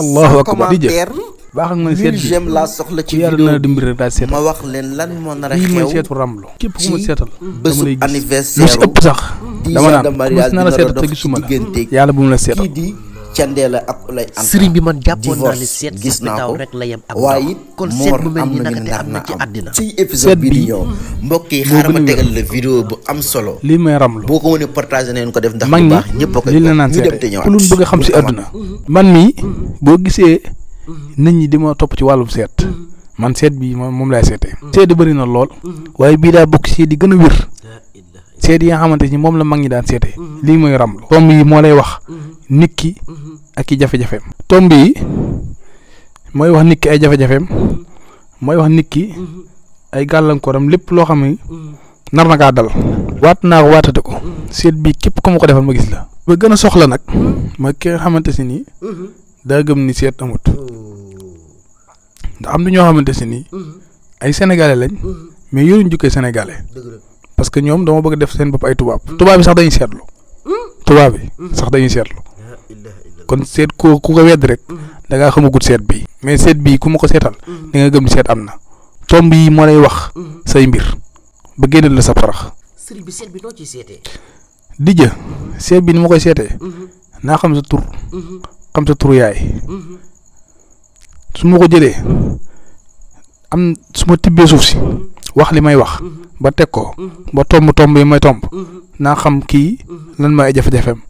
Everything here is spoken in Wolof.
allahu akbar di jë baax ak man seet bi laa soxla ci yàlla na dimbali rek daal seetal ma wax leen lan a xew ma seetu ramlu képp ku ma seetal lu si ëpp sax dama naan mës naa la seetal te gisuma la yàlla bu mu la seetal candee la ak ulay anta sëriñ bi man jàppoon naa ne seet gis naa ko rek la yem ak waaye it kon seet bu mel ni naka te am na ci àddina ci épisode bi di ñëw mbokk yi xaaral ma tegal la vidéo bu am solo lii may ramlu boo ko mënee partagé a koy ñu a xam man mii boo gisee nit ñi di ma topp ci wàllum seet man seet bi moom laay seetee seet bëri na lool waaye bii daa bokk seet yi gën a wér seet yi nga xamante ni moom la mag ñi daan seetee mm-hmm. lii mooy ramlu tomb yi moo lay wax nit ki mhm. ak i jafe-jafeem. tomb yi mooy wax nit ay jafe-jafeem mooy wax nit ki mhm. mhm. ay gàllankooram lépp loo xam ne nar na kaa dal. waat naa ko ko. seet bi képp ko ma ko defal ma gis la. ba gën a soxla nag ma ki nga xamante si nii daa gëm ni seet amut oh. ndax am na ñoo xamante si nii ay sénégalais lañ mais yoruñ jukkee sénégalais parce que ñoom dama bëgg def seen bopp ay tubaab tubaab yi sax dañuy seetlu hmm? tubaab yi sax dañuy seetlu. kon seet ku ku ko wedd rek mm-hmm. da ngaa seet bi mais seet bii ku ma ko seetal mm-hmm. da nga gëm ni seet am na tomb yi moo lay wax mm-hmm. say mbir ba génneel la sa parax sëriñ bi seet bi di jë seet bi ni ma koy seetee naa xam sa tur xam sa tur yaay su ma ko jëlee am su ma tibbee suuf si wax li may wax ba teg ko ba tomb tomb yi may tomb naa xam kii lan may jafe-jafeem